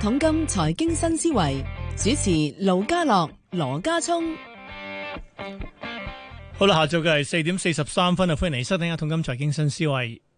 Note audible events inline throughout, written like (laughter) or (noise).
統金財經新思維主持盧家樂、羅家聰，好啦，下晝嘅係四點四十三分啊！歡迎嚟收聽《下統金財經新思維》。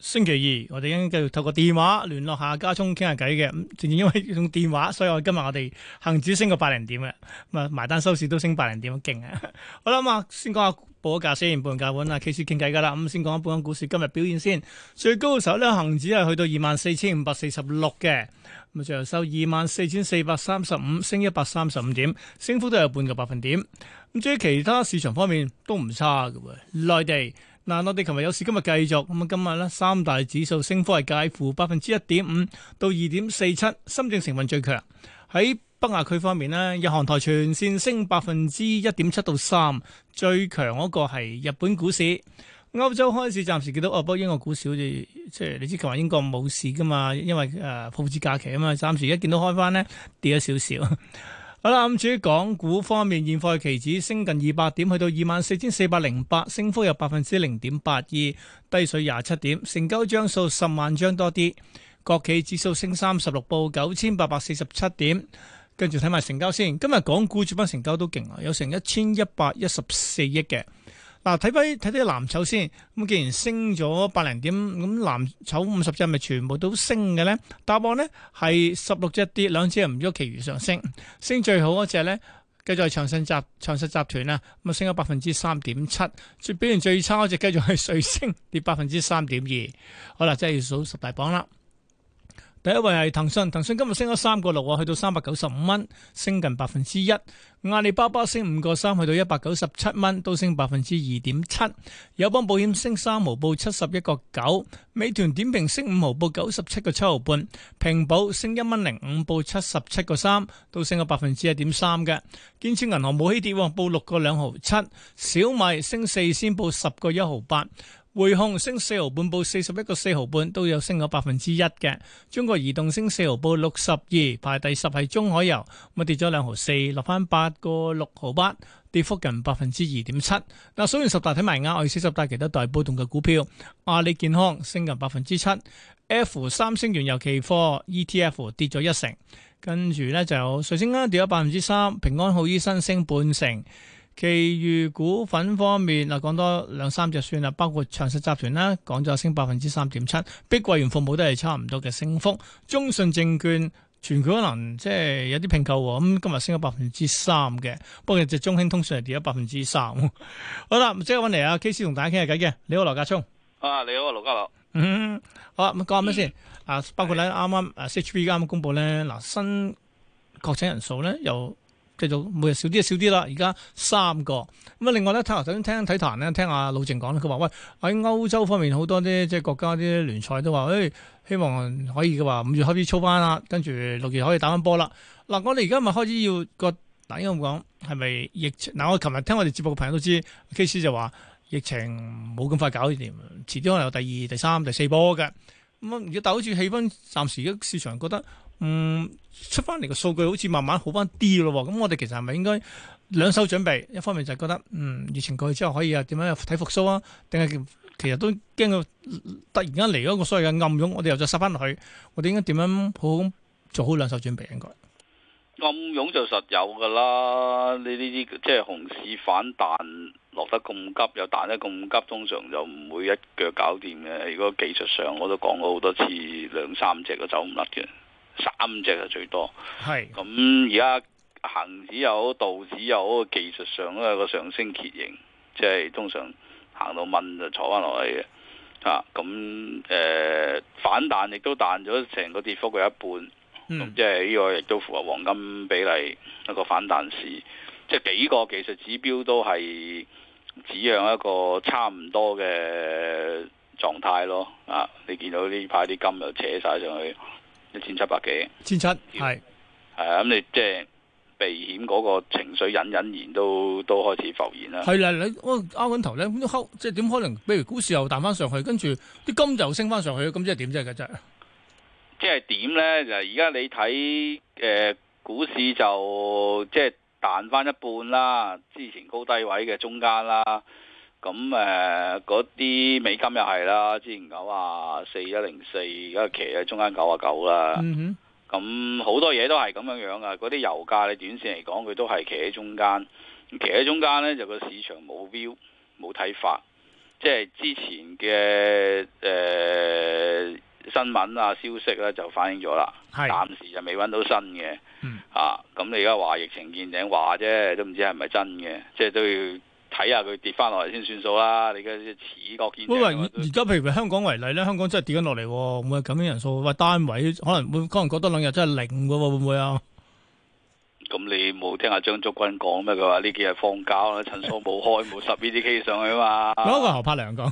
星期二，我哋應繼續透過電話聯絡下家聰傾下偈嘅。咁正正因為用電話，所以我今日我哋恒指升個百零點嘅，咁啊埋單收市都升百零點，咁勁啊！好啦，咁啊先講下報價先，寫完報完價盤啊，開始傾偈噶啦。咁先講一講股市今日表現先，最高嘅時候呢，恒指係去到二萬四千五百四十六嘅。咁啊，最後收二萬四千四百三十五，升一百三十五點，升幅都有半個百分點。咁至於其他市場方面都唔差㗎。內地嗱，內地琴日有事，今日繼續咁啊。今日呢，三大指數升幅係介乎百分之一點五到二點四七，深圳成分最強。喺北亞區方面呢，日韓台全線升百分之一點七到三，最強嗰個係日本股市。歐洲開市暫時見到，哦，不過英國股市好似即係你知，琴日英國冇市噶嘛，因為誒佈置假期啊嘛，暫時而家見到開翻呢，跌咗少少。 (laughs) 好啦，咁至於港股方面，現貨期指升近二百點，去到二萬四千四百零八，升幅有百分之零點八二，低水廿七點，成交張數十萬張多啲。國企指數升三十六，報九千八百四十七點，跟住睇埋成交先。今日港股主板成交都勁啊，有成一千一百一十四億嘅。嗱，睇翻睇啲藍籌先，咁既然升咗百零點，咁藍籌五十隻咪全部都升嘅咧？答案咧係十六隻跌，兩隻唔喐，其餘上升。升最好嗰隻咧，繼續係長實集長實集團啊，咁啊升咗百分之三點七。最表現最差嗰隻繼續係瑞聲，跌百分之三點二。好啦，即係要數十大榜啦。第一位係騰訊，騰訊今日升咗三個六啊，去到三百九十五蚊，升近百分之一。阿里巴巴升五個三，去到一百九十七蚊，都升百分之二點七。友邦保險升三毫，報七十一個九。美團點評升五毫，報九十七個七毫半。平保升一蚊零五，報七十七個三，都升咗百分之一點三嘅。建設銀行冇起跌，報六個兩毫七。小米升四先，報十個一毫八。匯控升四毫半，報四十一個四毫半，都有升咗百分之一嘅。中國移動升四毫，報六十二，62，排第十係中海油，咪跌咗兩毫四，落翻，八個六毫八，跌幅近百分之二點七。嗱，數完十大睇埋啱，我哋四十大其他大波動嘅股票，阿里健康升近百分之七，F 三星原油期貨 ETF 跌咗一成，跟住咧就瑞星啱跌咗百分之三，平安好醫生升半成。其餘股份方面啊，講多兩三隻算啦，包括長實集團啦，講咗升百分之三點七，碧桂園服務都係差唔多嘅升幅。中信證券全權可能即係有啲併購，咁、嗯、今日升咗百分之三嘅。不過只中興通訊係跌咗百分之三。 (laughs) 好啦，即刻搵嚟啊 KC 同大家傾下偈嘅。你好，羅家聰。啊，你好啊，羅家樂、嗯。好啦，咁講下咩先？啊、嗯，包括咧啱啱啊，H B 啱啱公布咧，嗱新確診人數咧又。繼續每日少啲就少啲啦，而家三個。咁啊，另外咧，頭先聽睇談咧，聽阿老靜講咧，佢話喂，喺歐洲方面好多啲即係國家啲聯賽都話，誒、哎，希望可以嘅話五月開始操翻啦，跟住六月可以打翻波啦。嗱，我哋而家咪開始要個，頭先咁講係咪疫情？嗱，我琴日聽我哋直播嘅朋友都知，K C 就話疫情冇咁快搞掂，遲啲可能有第二、第三、第四波嘅。咁如果但好似氣氛，暫時嘅市場覺得，嗯，出翻嚟嘅數據好似慢慢好翻啲咯。咁、嗯、我哋其實係咪應該兩手準備？一方面就覺得，嗯，疫情過去之後可以啊，點樣睇復甦啊？定係其實都驚佢、嗯、突然間嚟嗰個所謂嘅暗湧，我哋又再塞翻落去。我哋應該點樣好，好做好兩手準備？應該暗湧就實有噶啦，呢呢啲即係熊市反彈。落得咁急，又彈得咁急，通常就唔會一腳搞掂嘅。如果技術上，我都講過好多次，兩三隻都走唔甩嘅，三隻係最多。係咁，而家恒指又好，道指又好，技術上都有個上升楔形，即係通常行到蚊就坐翻落嚟嘅。啊，咁、嗯、誒反彈亦都彈咗成個跌幅嘅一半。咁、嗯、即係呢個亦都符合黃金比例一個反彈時，即係幾個技術指標都係。只讓一個差唔多嘅狀態咯，啊！你見到呢排啲金又扯晒上去一千七百幾，千七係係啊！咁你是、嗯、即係避險嗰個情緒隱隱然都都開始浮現啦。係啦，你我啱啱頭咧，即係點可能？譬如股市又彈翻上去，跟住啲金就升翻上去，咁即係點啫？噶啫，即係點咧？就係而家你睇誒、呃，股市就即係。彈翻一半啦，之前高低位嘅中間啦，咁誒嗰啲美金又係啦，之前九啊四一零四，而家騎喺中間九啊九啦。嗯哼。咁好多嘢都係咁樣樣啊，嗰啲油價你短線嚟講，佢都係騎喺中間，騎喺中間呢，就個市場冇 view 冇睇法，即係之前嘅誒。呃新聞啊、消息咧就反映咗啦，是暫時就未揾到新嘅，嗯、啊咁你而家話疫情見頂話啫，都唔知係咪真嘅，即係都要睇下佢跌翻落嚟先算數啦。你而嘅始覺見頂，而而家譬如香港為例咧，香港真係跌緊落嚟，會唔會感染人數？喂，單位可能會可能過得兩日真係零㗎喎，會唔會啊？咁、嗯、你冇聽阿張竹君講咩？佢話呢幾日放假啦，診所冇開，冇十呢啲 case 上去啊嘛。嗰個何柏良講，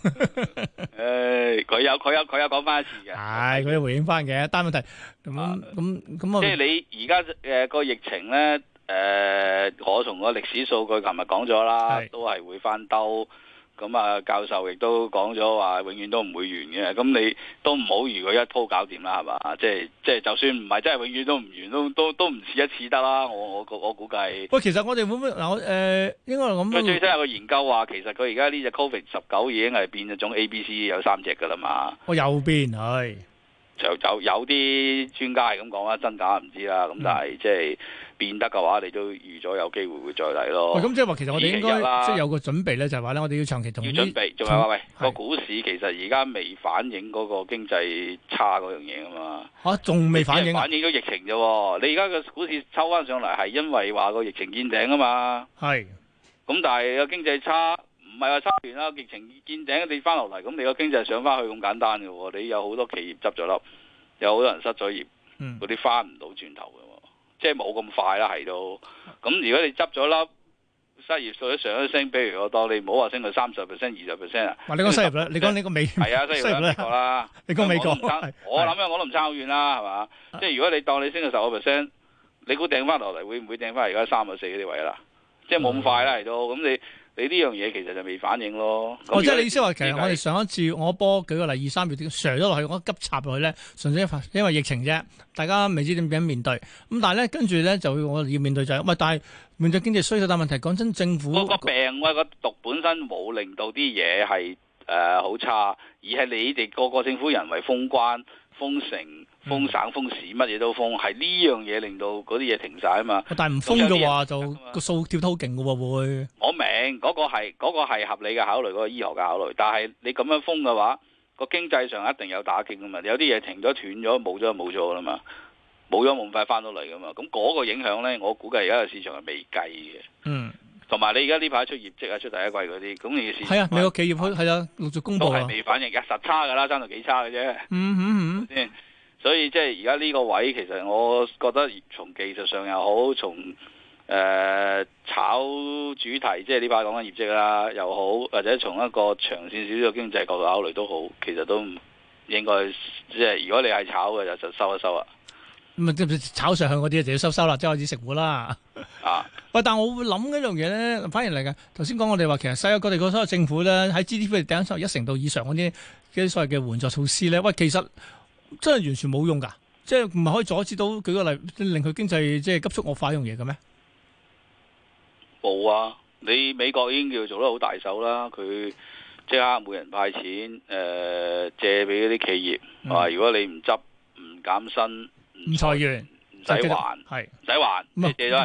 誒，佢有佢有佢有講翻一次嘅，係佢、哎、有回應翻嘅。但係問題咁咁咁啊，即係你而家誒個疫情咧誒、呃，我從個歷史數據琴日講咗啦，都係會翻兜。咁啊，教授亦都講咗話，永遠都唔會完嘅。咁你都唔好預佢一鋪搞掂啦，係嘛？即係即係，就，是就是，就算唔係真係永遠都唔完，都都都唔似一次得啦。我我我估計。喂、呃，其實我哋會唔會嗱？誒，應該係咁。佢最新有個研究話，其實佢而家呢隻 Covid 十九已經係變咗種 A、B、C 有三隻噶啦嘛。我又變係？就有有啲專家係咁講啦，真假唔知啦。咁但係即係。嗯變得嘅話，你都預咗有機會會再嚟咯。咁、嗯嗯、即係話，其實我哋應該即係有個準備咧，就係話咧，我哋要長期同要準備，吵喂，是個股市其實而家未反映嗰個經濟差嗰樣嘢啊嘛。嚇、啊，仲未反映？反映咗疫情啫。你而家嘅股市抽翻上嚟，係因為話個疫情見頂啊嘛。係是。咁但係個經濟差唔係話差完啦，疫情見頂你翻落嚟，咁你個經濟上翻去咁簡單嘅？你有好多企業執咗笠，有好多人失咗業，嗰啲翻唔到轉頭嘅。嗯即係冇咁快啦，係到。咁如果你執咗粒，失業數上一升，比如我當你唔好話升到三十 percent、二十 percent 啊。你講收入啦，是你講你個美係啊，收入啦美國啦。你講美國，我諗嘅的我都唔差好遠啦，係嘛？啊、即係如果你當你升到十個 percent，你估掟翻落嚟會唔會掟翻而家三啊四嗰啲位啦？即係冇咁快啦，嚟到、啊。咁你。嗯你呢樣嘢其實就未反應咯，哦、果即係你意思話，是其實我哋上一次我一波舉個例二三月點削咗落去，我急插落去咧，純粹因為疫情啫，大家未知點樣面對。咁但係咧，跟住咧就我要面對就，唔係但係面對經濟衰退，大係問題講真，政府個病啊、呃、個毒本身冇令到啲嘢係誒好差，而係你哋個個政府人為封關封城。封省封市，乜嘢都封，係呢樣嘢令到嗰啲嘢停晒啊嘛。但係唔封嘅話，話就個數掉得好勁嘅會。我明，嗰、那個係嗰、那個係合理嘅考慮，嗰、那個醫學嘅考慮。但係你咁樣封嘅話，那個經濟上一定有打擊啊嘛。有啲嘢停咗斷咗冇咗，冇咗啦嘛，冇咗咁快翻到嚟噶嘛。咁、那、嗰個影響咧，我估計而家個市場係未計嘅。嗯。同埋你而家呢排出業績啊，出第一季嗰啲，咁件事係啊，每個企業都係啊，陸續、啊啊啊啊、公布啊，係未反應嘅，實差噶啦，差到幾差嘅啫、嗯。嗯嗯嗯。所以即係而家呢個位，其實我覺得從技術上又好，從誒炒主題，即係呢排講緊業績啦又好，或者從一個長線少少經濟角度考慮都好，其實都唔應該即係如果你係炒嘅，就就收一收啊！咁啊，炒上去嗰啲就要收收啦，即係開始食苦啦。啊！喂，但我會諗一樣嘢咧，反而嚟緊頭先講我哋話，其實世界各地嘅所有政府咧，喺 GDP 跌咗一成度以上嗰啲嗰啲所謂嘅援助措施咧，喂，其實。真係完全冇用噶，即係唔係可以阻止到，舉個例，令佢經濟即係急速惡化呢樣嘢嘅咩？冇啊！你美國已經叫做做得好大手啦，佢即刻每人派錢，誒借俾嗰啲企業，話如果你唔執唔減薪唔裁員，唔使還係唔使還，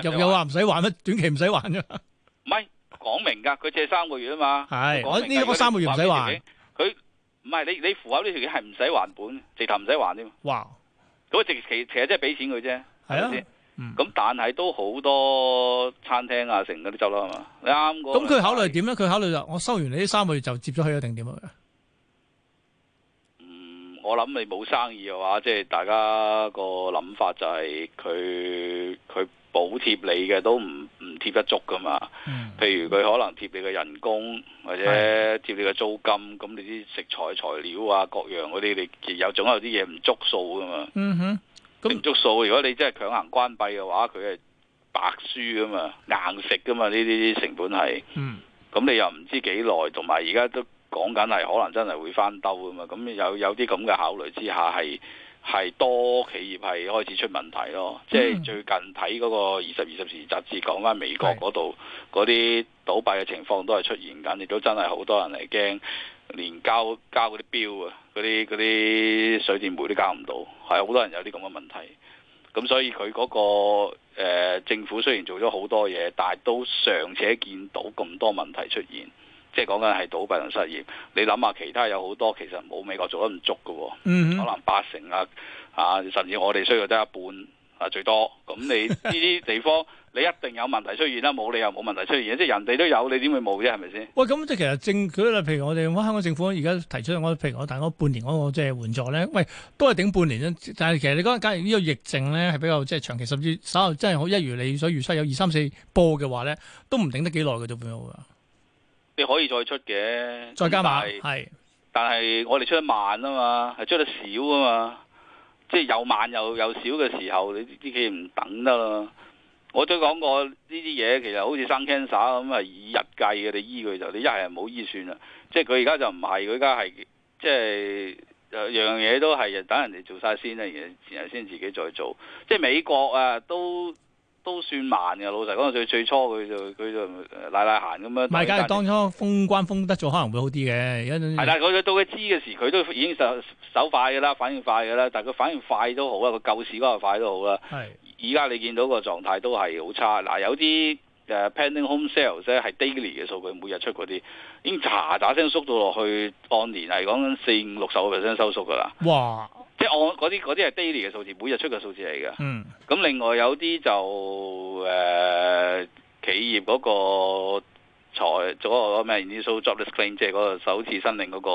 又又話唔使還咩？短期唔使還啫？唔係講明噶，佢借三個月啊嘛。係我呢嗰三個月唔使還，佢。唔係你你符合呢條嘢係唔使還本，直頭唔使還添。哇！咁直其其實即係俾錢佢啫，係啊。咁、嗯、但係都好多餐廳啊，成嗰啲走啦嘛。你啱講、嗯。咁佢考慮點咧？佢考慮就我收完你呢三個月就接咗佢一定點啊？嗯，我諗你冇生意嘅話，即係大家個諗法就係佢佢補貼你嘅都唔。貼唔足噶嘛？嗯、譬如，佢可能貼你嘅人工，或者貼你嘅租金，咁的你啲食材材料啊，各樣嗰啲，你有總有啲嘢唔足數噶嘛？嗯哼，唔足數。如果你真係強行關閉嘅話，佢係白輸噶嘛，硬食噶嘛，呢啲成本係。嗯，咁你又唔知幾耐，同埋而家都講緊係可能真係會翻兜噶嘛？咁有有啲咁嘅考慮之下，係。係多企業係開始出問題咯，即係最近睇嗰個二十二十時雜誌講翻美國嗰度嗰啲倒閉嘅情況都係出現緊，亦都真係好多人係驚，連交交嗰啲 bill 啊、嗰啲啲水電煤都交唔到，係好多人有啲咁嘅問題。咁所以佢嗰、嗰個、呃、政府雖然做咗好多嘢，但係都尚且見到咁多問題出現。即係講緊係倒閉同失業，你諗下其他有好多其實冇美國做得唔足嘅喎，嗯、哼可能八成啊啊，甚至我哋需要得一半啊最多。咁、嗯、你呢啲地方 (laughs) 你一定有問題出現啦，冇理由冇問題出現，即係人哋都有，你點會冇啫？係咪先？喂，咁即係其實政府，譬如我哋，香港政府而家提出嗰譬如我大概半年嗰個即係援助咧，喂，都係頂半年啫。但係其實你講，假如呢個疫症咧係比較即係長期，甚至稍後真係好一如你所預測有二三四波嘅話咧，都唔頂得幾耐嘅，做唔到㗎。你可以再出嘅，再加碼，係是，是但係我哋出得慢啊嘛，係出得少啊嘛，即係又慢又又少嘅時候，你啲企業唔等得咯。我都講過呢啲嘢，其實好似生 cancer 咁，係以日計嘅，你醫佢就，你一係冇醫算啦。即係佢而家就唔係，佢而家係即係誒樣樣嘢都係等人哋做晒先啦，然後先自己再做。即係美國啊，都。都算慢嘅，老實講，最最初佢就佢就賴賴閒咁樣。唔係，假如當初封關封得咗可能會好啲嘅。係啦，佢到佢知嘅時，佢都已經手手快㗎啦，反應快㗎啦。但係佢反應快都好啦，佢救市嗰個快都好啦。係。依家你見到個狀態都係好差。嗱、啊，有啲誒 pending home sales 咧，係 daily 嘅數據，每日出嗰啲，已經喳喳聲縮到落去，按年係講緊四五六十個 percent 收縮㗎啦。哇。即係我嗰啲嗰啲係 daily 嘅數字，每日出嘅數字嚟嘅。嗯。咁另外有啲就誒、呃、企業嗰個財嗰個咩 initial jobless claim，即係嗰個首次申領嗰、嗰個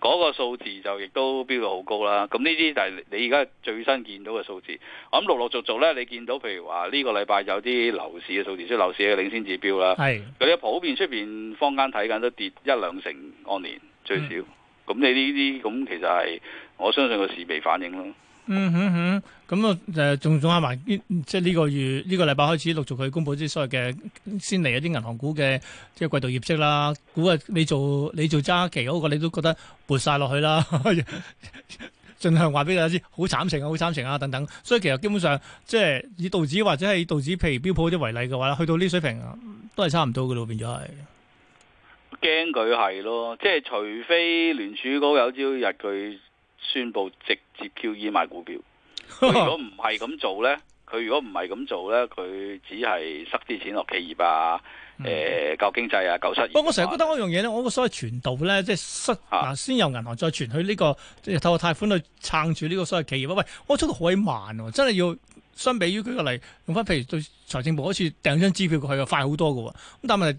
嗰、嗰個數字就亦都標到好高啦。咁呢啲就係你而家最新見到嘅數字。我諗陸陸續續咧，你見到譬如話呢、呢個禮拜有啲樓市嘅數字，即係樓市嘅領先指標啦。係是。佢哋普遍出面坊間睇緊都跌一兩成，按年最少。咁、嗯、你呢啲咁其實係。我相信個市未反應咯。嗯哼哼，咁、嗯、啊，誒、嗯，仲總之話，依即係呢個月呢、呢個禮拜開始，陸續佢公佈啲所謂嘅先嚟一啲銀行股嘅即係季度業績啦。估啊，你做你做揸期嗰個，你都覺得撥晒落去啦。 (laughs) 盡量話俾大家知，好慘情，情啊，好慘情啊等等。所以其實基本上，即係以道指或者係以道指，譬如標普啲為例嘅話，去到呢水平都係差唔多嘅咯，變咗係。驚佢係咯，即係除非聯儲局有朝日佢。宣布直接 QE 買股票。如果唔係咁做咧，佢如果唔係咁做咧，佢只係塞啲錢落企業啊，誒、呃、救經濟啊，救失業，不過、嗯、我我成日覺得嗰樣嘢咧，我個所謂傳導咧，即係塞啊先由銀行再傳去呢、這個、啊、透過貸款去撐住呢個所謂企業啊。喂，我速度好鬼慢喎，啊，真係要相比於舉個例，用返譬如對財政部好似掟張支票過去，快好多㗎，啊。咁但係。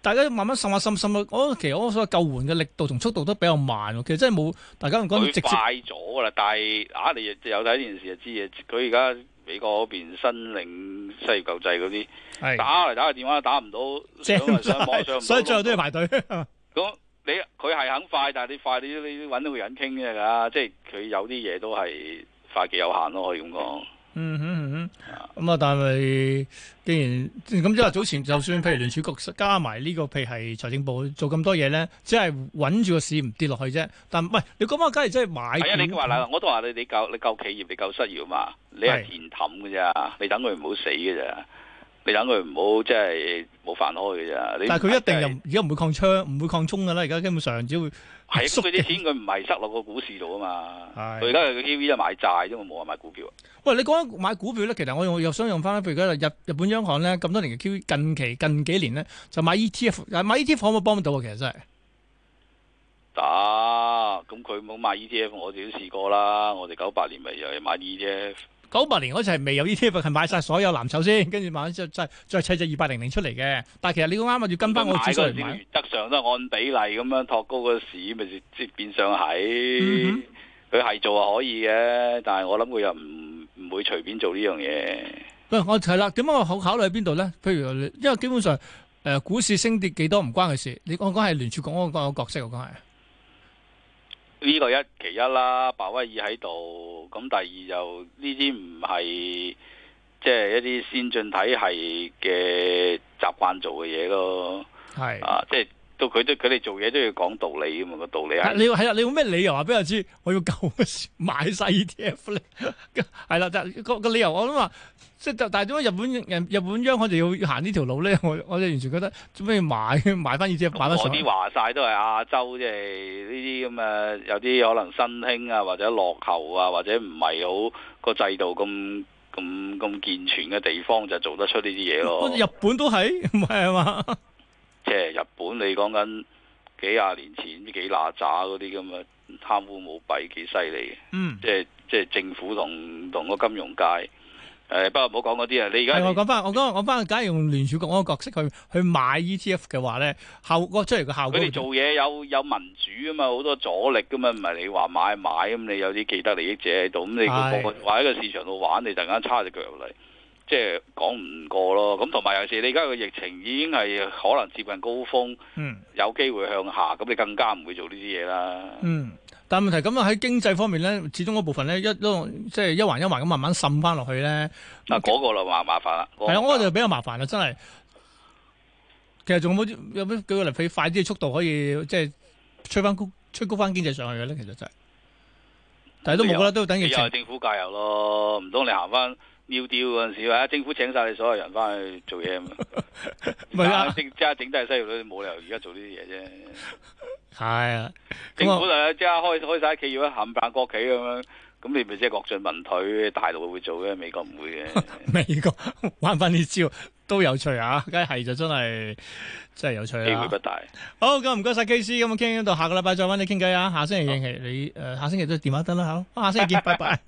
大家慢慢滲下滲滲咯，我、哦、其實我所謂救援嘅力度同速度都比較慢，其實真係冇，大家唔覺直接快咗噶啦，但係啊，你有睇呢件事就知嘢。佢而家美國嗰邊申領失業救濟嗰啲，打嚟打個電話都打唔到上上網， (laughs) 上唔上，來上來 (laughs) 所以最後都要排隊。咁 (laughs) 你佢係肯快，但係你快你你揾到個人傾啫噶，即係佢有啲嘢都係快極有限咯，可以咁講。嗯哼嗯哼，咁、嗯、啊，但係既然咁即係話早前就算譬如聯儲局加埋呢個，譬如係財、這個、政部做咁多嘢咧，即係穩住個市唔跌落去啫。但唔係你咁話，梗係真係買。你話嗱，我都話你你救你救企業，你救失業啊嘛，你係填氹嘅啫，你等佢唔好死嘅啫，你等佢唔好即係冇飯開嘅啫。就是、但係佢一定又而家唔會擴倉，唔會擴充噶啦，而家基本上只要。係縮嗰啲錢，佢唔係塞落個股市度啊嘛，佢而家個 QE 就買債啫嘛，冇話買股票。喂，你講緊買股票咧，其實我又想用翻，咧，譬如而家日日本央行咧咁多年嘅 QE，近期近幾年咧就買 ETF，買 ETF 可唔可以幫到啊？其實真係打！咁佢冇買 ETF，我哋都試過啦，我哋九八年咪又係買 ETF。九八年嗰陣係未有 ETF，佢係買晒所有藍籌先，跟住買咗之後再再砌隻二八零零出嚟嘅。但係其實你咁啱啊，要跟翻我指數嚟買。原則上都按比例咁樣托高個市，咪即係變相係。佢係做係可以嘅，但係我諗佢又唔唔會隨便做呢樣嘢。喂我係啦，點解我好考慮喺邊度咧？譬如因為基本上誒，股市升跌幾多唔關佢事。你我講係聯儲局嗰個角色，我講係呢個一其一啦，鮑威爾喺度。咁第二就呢啲唔係即係一啲先進體系嘅習慣做嘅嘢咯，係啊，即係。到佢都佢哋做嘢都要講道理嘅嘛，個道理，理啊！你話係啊，你冇咩理由話俾我知我要救買晒 E T F 咧？係 (laughs) 啦，個個理由我諗話即係就，但係點解日本日本央行就要行呢條路咧？我我就完全覺得做咩要買嘅買翻呢啲嘢擺得上啲話晒都係亞洲，即係呢啲咁嘅，有啲可能新興啊，或者落後啊，或者唔係好個制度咁咁咁健全嘅地方就做得出呢啲嘢咯。日本都係唔係啊？嘛 (laughs) ～即係日本，你講緊幾廿年前啲幾嗱喳嗰啲咁啊，貪污舞弊幾犀利，嗯，即係即係政府同同個金融界。誒、呃，不過唔好講嗰啲啊。你而家我講翻，我講我講翻，假如用聯儲局嗰個角色去去買 ETF 嘅話咧，效果即係個效果。佢哋做嘢有有民主啊嘛，好多阻力噶嘛，唔係你話買買咁，你有啲既得利益者喺度，咁、哎、你個話喺個市場度玩，你突然間插隻腳入嚟。即係講唔過咯，咁同埋有時你而家個疫情已經係可能接近高峰，嗯、有機會向下，咁你更加唔會做呢啲嘢啦。嗯，但係問題咁啊，喺經濟方面咧，始終嗰部分咧一即係一環一環咁慢慢滲翻落去咧。嗱，嗰個就麻麻煩啦。係、嗰個就係、啊，我、嗰個、就比較麻煩啦，真係。其實仲有冇咩幾個嚟快啲嘅速度可以即係、就係、吹翻高吹高翻經濟上去嘅咧？其實就係、係。但係有都冇啦，都等疫政府介入咯，唔通你行翻？要調嗰陣時話，政府請晒你所有人翻去做嘢啊嘛，係 (laughs) 啊，即係整低西藥佬冇理由而家做呢啲嘢啫。係 (laughs) 啊，政府啊即刻開開晒企業啊，冚辦國企咁樣，咁你咪即係國進民退，大陸會做嘅，美國唔會嘅。 (laughs) 美國玩翻啲招都有趣啊，梗係就真係真係有趣啦，啊。機會不大。好，咁唔該晒 KC，咁啊傾到下個禮拜再搵你傾偈啊，啊，下星期你誒下星期都電話得啦，好，下星期見，拜拜。